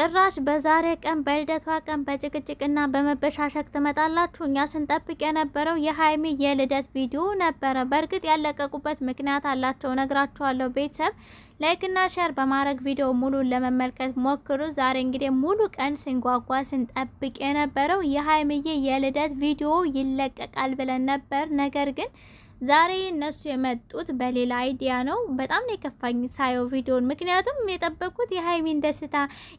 ጭራሽ በዛሬ ቀን በልደቷ ቀን በጭቅጭቅና በመበሻሸቅ ትመጣላችሁ። እኛ ስንጠብቅ የነበረው የሀይሚ የልደት ቪዲዮ ነበረ። በእርግጥ ያለቀቁበት ምክንያት አላቸው፣ ነግራችኋለሁ። ቤተሰብ ላይክና ሼር በማድረግ ቪዲዮ ሙሉን ለመመልከት ሞክሩ። ዛሬ እንግዲህ ሙሉ ቀን ስንጓጓ ስንጠብቅ የነበረው የሀይሚዬ የልደት ቪዲዮ ይለቀቃል ብለን ነበር ነገር ግን ዛሬ እነሱ የመጡት በሌላ አይዲያ ነው። በጣም ነው የከፋኝ ሳየው ቪዲዮን። ምክንያቱም የጠበቁት የሀይሚን ደስታ፣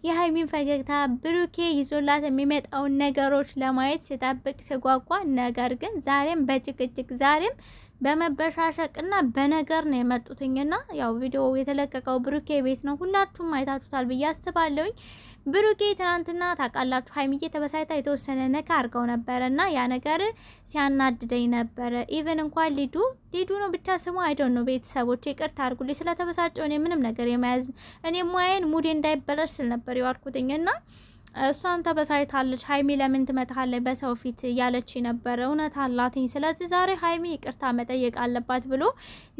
የሀይሚን ፈገግታ፣ ብሩኬ ይዞላት የሚመጣውን ነገሮች ለማየት ሲጠብቅ ሲጓጓ ነገር ግን ዛሬም በጭቅጭቅ ዛሬም በመበሻሸቅና በነገር ነው የመጡትኝና ያው ቪዲዮ የተለቀቀው ብሩኬ ቤት ነው። ሁላችሁም አይታችሁታል ብዬ አስባለሁኝ። ብሩኬ ትናንትና ታውቃላችሁ ሀይሚዬ ተበሳይታ የተወሰነ ነካ አድርገው ነበረ እና ያ ነገር ሲያናድደኝ ነበረ። ኢቨን እንኳን ሊዱ ሊዱ ነው ብቻ ስሙ አይደን ነው። ቤተሰቦች ይቅርታ አድርጉልኝ ስለተበሳጨው እኔ ምንም ነገር የመያዝ እኔ ሙያዬን ሙዴ እንዳይበላሽ ስል ነበር የዋልኩትኝ እና እሷም ተበሳይታለች። ሀይሚ ለምን ትመታለች በሰው ፊት እያለች ነበረ። እውነት አላትኝ። ስለዚህ ዛሬ ሀይሚ ይቅርታ መጠየቅ አለባት ብሎ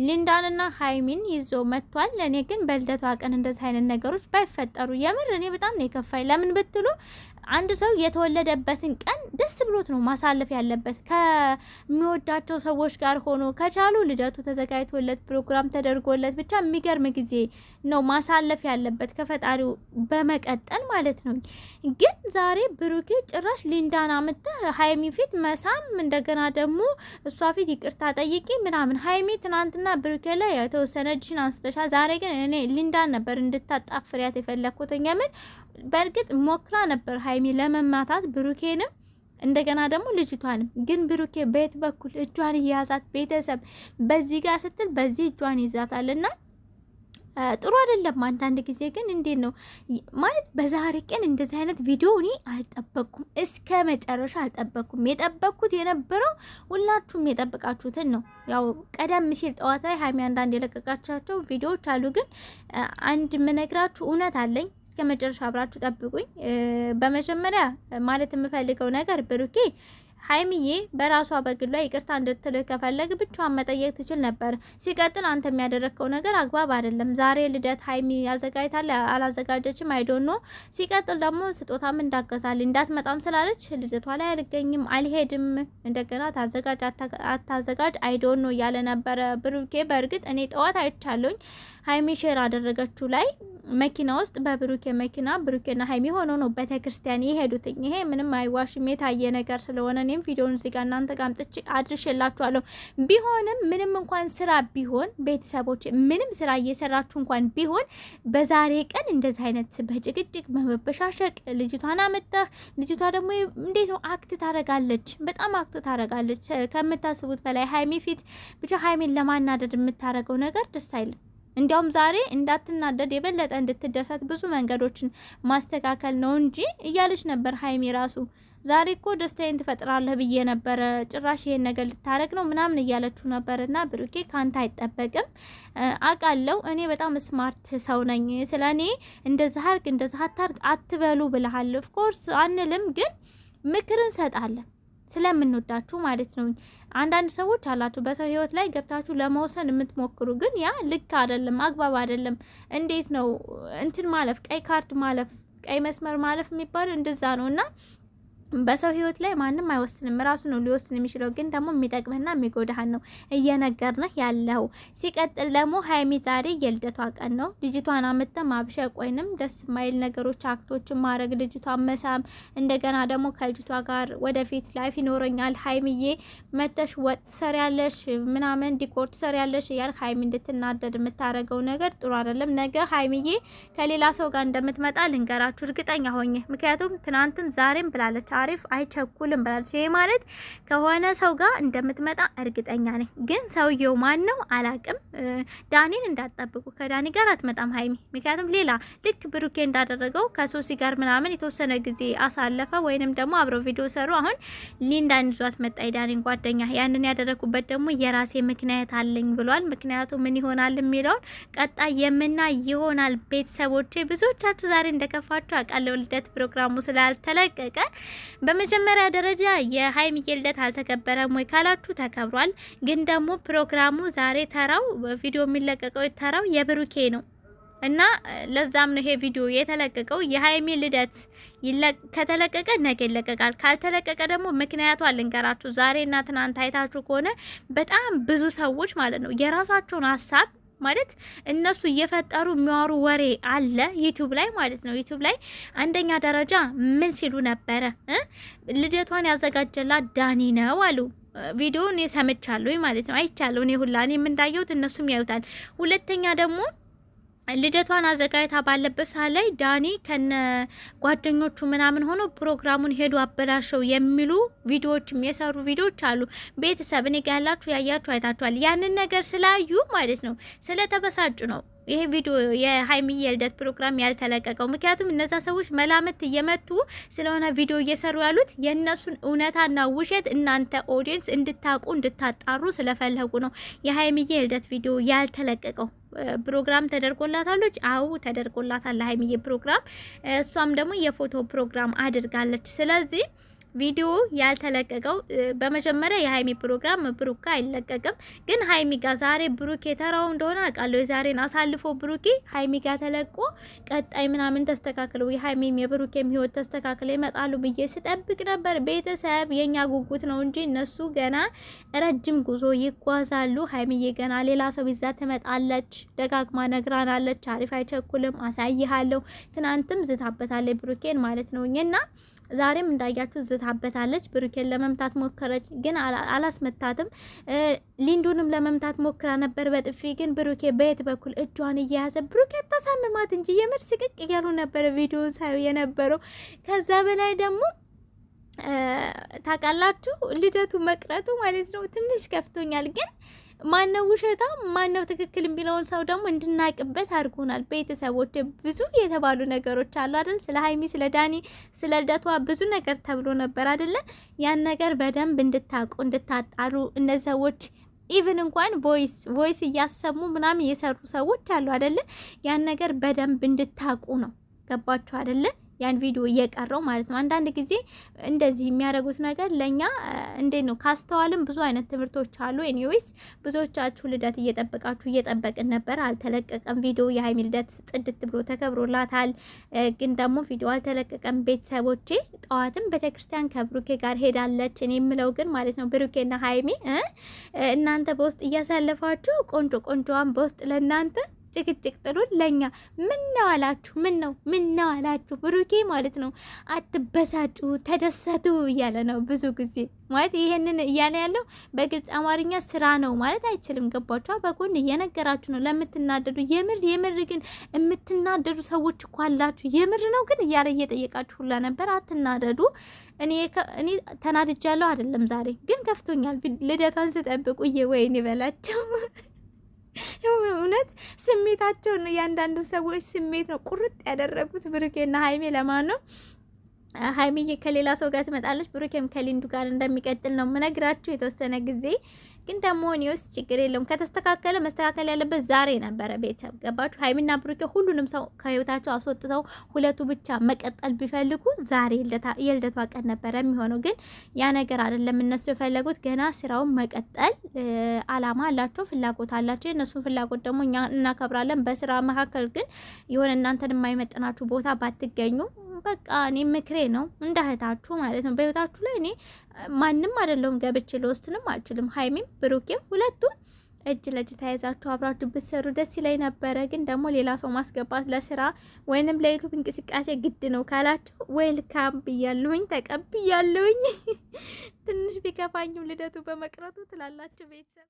ሊንዳንና ሀይሚን ይዞ መጥቷል። ለእኔ ግን በልደቷ ቀን እንደዚህ አይነት ነገሮች ባይፈጠሩ የምር እኔ በጣም ነው የከፋኝ። ለምን ብትሉ አንድ ሰው የተወለደበትን ቀን ደስ ብሎት ነው ማሳለፍ ያለበት። ከሚወዳቸው ሰዎች ጋር ሆኖ ከቻሉ ልደቱ ተዘጋጅቶለት ፕሮግራም ተደርጎለት ብቻ የሚገርም ጊዜ ነው ማሳለፍ ያለበት ከፈጣሪው በመቀጠል ማለት ነው። ግን ዛሬ ብሩኬ ጭራሽ ሊንዳን አምጥተህ ሀይሚ ፊት መሳም፣ እንደገና ደግሞ እሷ ፊት ይቅርታ ጠይቂ ምናምን። ሀይሚ ትናንትና ብሩኬ ላይ የተወሰነ እጅሽን አንስተሻል። ዛሬ ግን እኔ ሊንዳን ነበር እንድታጣፍሪያት የፈለግኩት የምን በእርግጥ ሞክራ ነበር ሀይሚ ለመማታት ብሩኬንም እንደገና ደግሞ ልጅቷንም ግን ብሩኬ በየት በኩል እጇን እያያዛት ቤተሰብ በዚህ ጋር ስትል በዚህ እጇን ይዛታልና ጥሩ አይደለም። አንዳንድ ጊዜ ግን እንዴት ነው ማለት በዛሬ ቀን እንደዚህ አይነት ቪዲዮ እኔ አልጠበቅኩም፣ እስከ መጨረሻ አልጠበቅኩም። የጠበቅኩት የነበረው ሁላችሁም የጠበቃችሁትን ነው። ያው ቀደም ሲል ጠዋት ላይ ሀይሚ አንዳንድ የለቀቃቻቸው ቪዲዮዎች አሉ፣ ግን አንድ ምነግራችሁ እውነት አለኝ እስከ መጨረሻ አብራችሁ ጠብቁኝ። በመጀመሪያ ማለት የምፈልገው ነገር ብሩኬ ሀይሚዬ በራሷ በግሏ ይቅርታ እንድትልህ ከፈለግ ብቻዋን መጠየቅ ትችል ነበር። ሲቀጥል አንተ የሚያደረግከው ነገር አግባብ አይደለም። ዛሬ ልደት ሀይሚ አዘጋጅታል አላዘጋጀችም አይዶኖ። ሲቀጥል ደግሞ ስጦታም እንዳገዛል እንዳትመጣም ስላለች ልደቷ ላይ አልገኝም አልሄድም፣ እንደገና ታዘጋጅ አታዘጋጅ አይዶኖ እያለ ነበረ ብሩኬ። በእርግጥ እኔ ጠዋት አይቻለኝ ሀይሚ ሼር አደረገችው ላይ መኪና ውስጥ በብሩኬ መኪና ብሩኬና ሀይሚ ሆኖ ነው ቤተክርስቲያን የሄዱትኝ። ይሄ ምንም አይዋሽም የታየ ነገር ስለሆነ እኔም ቪዲዮን እዚህ ጋር እናንተ ጋር አምጥቼ አድርሼላችኋለሁ። ቢሆንም ምንም እንኳን ስራ ቢሆን ቤተሰቦች፣ ምንም ስራ እየሰራችሁ እንኳን ቢሆን በዛሬ ቀን እንደዚህ አይነት በጭቅጭቅ በመበሻሸቅ ልጅቷን አመጣህ። ልጅቷ ደግሞ እንዴት ነው አክት ታረጋለች፣ በጣም አክት ታረጋለች ከምታስቡት በላይ ሀይሚ ፊት ብቻ ሀይሚን ለማናደድ የምታረገው ነገር ደስ አይልም። እንዲያውም ዛሬ እንዳትናደድ የበለጠ እንድትደሰት ብዙ መንገዶችን ማስተካከል ነው እንጂ እያለች ነበር ሀይሚ ራሱ። ዛሬ እኮ ደስታዬን ትፈጥራለህ ብዬ ነበረ፣ ጭራሽ ይሄን ነገር ልታረግ ነው ምናምን እያለችሁ ነበር። እና ብሩኬ ካንተ አይጠበቅም አቃለው። እኔ በጣም ስማርት ሰው ነኝ፣ ስለ እኔ እንደዚህ አርግ እንደዚህ አታርግ አትበሉ ብለሃል። ኦፍኮርስ አንልም፣ ግን ምክር እንሰጣለን ስለምንወዳችሁ ማለት ነው። አንዳንድ ሰዎች አላችሁ በሰው ህይወት ላይ ገብታችሁ ለመውሰን የምትሞክሩ ግን ያ ልክ አይደለም፣ አግባብ አይደለም። እንዴት ነው እንትን ማለፍ ቀይ ካርድ ማለፍ ቀይ መስመር ማለፍ የሚባለው እንደዛ ነው እና በሰው ህይወት ላይ ማንም አይወስንም፣ ራሱ ነው ሊወስን የሚችለው። ግን ደግሞ የሚጠቅምህና የሚጎዳህን ነው እየነገርንህ ያለው። ሲቀጥል ደግሞ ሀይሚ ዛሬ የልደቷ ቀን ነው። ልጅቷን አምጥተህ ማብሸቅ ወይንም ደስ የማይል ነገሮች አክቶችን ማድረግ፣ ልጅቷን መሳም፣ እንደገና ደግሞ ከልጅቷ ጋር ወደፊት ላይፍ ይኖረኛል ሀይሚዬ መተሽ ወጥ ትሰሪያለሽ ምናምን ዲኮር ትሰሪያለሽ እያል ሀይሚ እንድትናደድ የምታደርገው ነገር ጥሩ አይደለም። ነገ ሀይሚዬ ከሌላ ሰው ጋር እንደምትመጣ ልንገራችሁ እርግጠኛ ሆኜ፣ ምክንያቱም ትናንትም ዛሬም ብላለች አሪፍ አይቸኩልም ብላለች። ይሄ ማለት ከሆነ ሰው ጋር እንደምትመጣ እርግጠኛ ነኝ። ግን ሰውየው ማን ነው አላቅም። ዳኒን እንዳትጠብቁ። ከዳኒ ጋር አትመጣም ሀይሚ። ምክንያቱም ሌላ ልክ ብሩኬ እንዳደረገው ከሶሲ ጋር ምናምን የተወሰነ ጊዜ አሳለፈ ወይንም ደግሞ አብረው ቪዲዮ ሰሩ። አሁን ሊንዳን ይዟት መጣ፣ የዳኒን ጓደኛ። ያንን ያደረኩበት ደግሞ የራሴ ምክንያት አለኝ ብሏል። ምክንያቱ ምን ይሆናል የሚለውን ቀጣይ የምና ይሆናል። ቤተሰቦቼ ብዙዎቻችሁ ዛሬ እንደከፋችሁ አውቃለሁ። ልደት ፕሮግራሙ ስላልተለቀቀ በመጀመሪያ ደረጃ የሀይሚዬ ልደት አልተከበረም ወይ ካላችሁ ተከብሯል። ግን ደግሞ ፕሮግራሙ ዛሬ ተራው ቪዲዮ የሚለቀቀው ተራው የብሩኬ ነው እና ለዛም ነው ይሄ ቪዲዮ የተለቀቀው። የሀይሚ ልደት ከተለቀቀ ነገ ይለቀቃል። ካልተለቀቀ ደግሞ ምክንያቱ አልንገራችሁ። ዛሬና ትናንት አይታችሁ ከሆነ በጣም ብዙ ሰዎች ማለት ነው የራሳቸውን ሀሳብ ማለት እነሱ እየፈጠሩ የሚዋሩ ወሬ አለ ዩቱብ ላይ ማለት ነው። ዩቱብ ላይ አንደኛ ደረጃ ምን ሲሉ ነበረ? ልደቷን ያዘጋጀላት ዳኒ ነው አሉ። ቪዲዮ እኔ ሰምቻለሁ ማለት ነው፣ አይቻለሁ። እኔ ሁላ እኔ የምንዳየውት እነሱም ያዩታል። ሁለተኛ ደግሞ ልደቷን አዘጋጅታ ባለበት ሰዓት ላይ ዳኒ ከነ ጓደኞቹ ምናምን ሆኖ ፕሮግራሙን ሄዱ አበላሸው የሚሉ ቪዲዮዎችም የሰሩ ቪዲዮዎች አሉ። ቤተሰብ እኔ ጋ ያላችሁ ያያችሁ አይታችኋል። ያንን ነገር ስላዩ ማለት ነው ስለተበሳጩ ነው ይሄ ቪዲዮ የሀይሚ የልደት ፕሮግራም ያልተለቀቀው ምክንያቱም እነዛ ሰዎች መላምት እየመቱ ስለሆነ ቪዲዮ እየሰሩ ያሉት የእነሱን እውነታና ውሸት እናንተ ኦዲየንስ እንድታቁ እንድታጣሩ ስለፈለጉ ነው። የሀይሚዬ የልደት ቪዲዮ ያልተለቀቀው ፕሮግራም ተደርጎላታለች። አዎ ተደርጎላታል። ለሀይሚዬ ፕሮግራም እሷም ደግሞ የፎቶ ፕሮግራም አድርጋለች። ስለዚህ ቪዲዮ ያልተለቀቀው በመጀመሪያ የሀይሚ ፕሮግራም ብሩክ አይለቀቅም። ግን ሀይሚ ጋ ዛሬ ብሩክ የተራው እንደሆነ አውቃለሁ። የዛሬን አሳልፎ ብሩኬ ሀይሚ ጋ ተለቆ ቀጣይ ምናምን ተስተካክለው የሀይሚም የብሩኬም ህይወት ተስተካክለ ይመጣሉ ብዬ ስጠብቅ ነበር። ቤተሰብ የእኛ ጉጉት ነው እንጂ እነሱ ገና ረጅም ጉዞ ይጓዛሉ። ሀይሚዬ ገና ሌላ ሰው ይዛ ትመጣለች። ደጋግማ ነግራናለች። አሪፍ አይቸኩልም፣ አሳይሃለሁ። ትናንትም ዝታበታለች ብሩኬን ማለት ነው እና ዛሬም እንዳያችሁ ዝታበታለች። ብሩኬን ለመምታት ሞከረች፣ ግን አላስመታትም። ሊንዱንም ለመምታት ሞክራ ነበር በጥፊ ግን ብሩኬ በየት በኩል እጇን እየያዘ ብሩኬ ተሳምማት እንጂ የምር ስቅቅ እያሉ ነበር ቪዲዮን ሳዩ የነበረው ከዛ በላይ ደግሞ ታውቃላችሁ፣ ልደቱ መቅረቱ ማለት ነው ትንሽ ከፍቶኛል። ግን ማነው ውሸታ ማነው ትክክል የሚለውን ሰው ደግሞ እንድናቅበት አድርጎናል። ቤተሰቦች ብዙ የተባሉ ነገሮች አሉ አይደል? ስለ ሀይሚ፣ ስለ ዳኒ፣ ስለ ልደቷ ብዙ ነገር ተብሎ ነበር አይደለ? ያን ነገር በደንብ እንድታውቁ እንድታጣሩ እነ ሰዎች ኢቨን እንኳን ቮይስ ቮይስ እያሰሙ ምናምን የሰሩ ሰዎች አሉ አይደለ? ያን ነገር በደንብ እንድታውቁ ነው። ገባችሁ አይደለ? ያን ቪዲዮ እየቀረው ማለት ነው። አንዳንድ ጊዜ እንደዚህ የሚያደርጉት ነገር ለእኛ እንዴት ነው ካስተዋልም ብዙ አይነት ትምህርቶች አሉ። ኤኒዌይስ ብዙዎቻችሁ ልደት እየጠበቃችሁ እየጠበቅን ነበር፣ አልተለቀቀም ቪዲዮ። የሀይሚ ልደት ጽድት ብሎ ተከብሮላታል፣ ግን ደግሞ ቪዲዮ አልተለቀቀም። ቤተሰቦቼ ጠዋትም ቤተክርስቲያን ከብሩኬ ጋር ሄዳለች። እኔ የምለው ግን ማለት ነው ብሩኬና ሀይሚ እናንተ በውስጥ እያሳለፋችሁ ቆንጆ ቆንጆዋን በውስጥ ለእናንተ ጭቅጭቅ ጥሉ ለእኛ ምን ነው አላችሁ? ምን ነው ምን ነው አላችሁ? ብሩኬ ማለት ነው አትበሳጩ፣ ተደሰቱ እያለ ነው ብዙ ጊዜ ማለት ይሄንን እያለ ያለው በግልጽ አማርኛ ስራ ነው ማለት አይችልም። ገባችኋ? በጎን እየነገራችሁ ነው ለምትናደዱ። የምር የምር ግን የምትናደዱ ሰዎች እኮ አላችሁ። የምር ነው ግን እያለ እየጠየቃችሁ ሁላ ነበር። አትናደዱ። እኔ እኔ ተናድጃለሁ አይደለም፣ ዛሬ ግን ከፍቶኛል። ልደቷን ስጠብቁ እየወይን ይበላቸው እውነት ነው። እያንዳንዱ ሰዎች ስሜት ነው ቁርጥ ያደረጉት ብሩኬና ሀይሜ ለማን ነው ሀይሚዬ ከሌላ ሰው ጋር ትመጣለች፣ ብሩኬም ከሊንዱ ጋር እንደሚቀጥል ነው ምነግራችሁ። የተወሰነ ጊዜ ግን ደግሞ ውስጥ ችግር የለውም። ከተስተካከለ መስተካከል ያለበት ዛሬ ነበረ። ቤተሰብ ገባችሁ? ሀይሚና ብሩኬ ሁሉንም ሰው ከህይወታቸው አስወጥተው ሁለቱ ብቻ መቀጠል ቢፈልጉ ዛሬ የልደቷ ቀን ነበረ የሚሆነው። ግን ያ ነገር አይደለም። እነሱ የፈለጉት ገና ስራውን መቀጠል አላማ አላቸው፣ ፍላጎት አላቸው። የእነሱን ፍላጎት ደግሞ እኛ እናከብራለን። በስራ መካከል ግን የሆነ እናንተን የማይመጥናችሁ ቦታ ባትገኙ በቃ እኔ ምክሬ ነው እንዳህታችሁ ማለት ነው። በህይወታችሁ ላይ እኔ ማንም አይደለሁም ገብቼ ልወስንም አልችልም። ሀይሚም ብሩኬም ሁለቱም እጅ ለእጅ ተያይዛችሁ አብራችሁ ብትሰሩ ደስ ይለኝ ነበረ። ግን ደግሞ ሌላ ሰው ማስገባት ለስራ ወይንም ለዩቱብ እንቅስቃሴ ግድ ነው ካላችሁ ዌልካም ብያለሁኝ፣ ተቀብያለሁኝ። ትንሽ ቢከፋኝም ልደቱ በመቅረቱ ትላላችሁ ቤተሰብ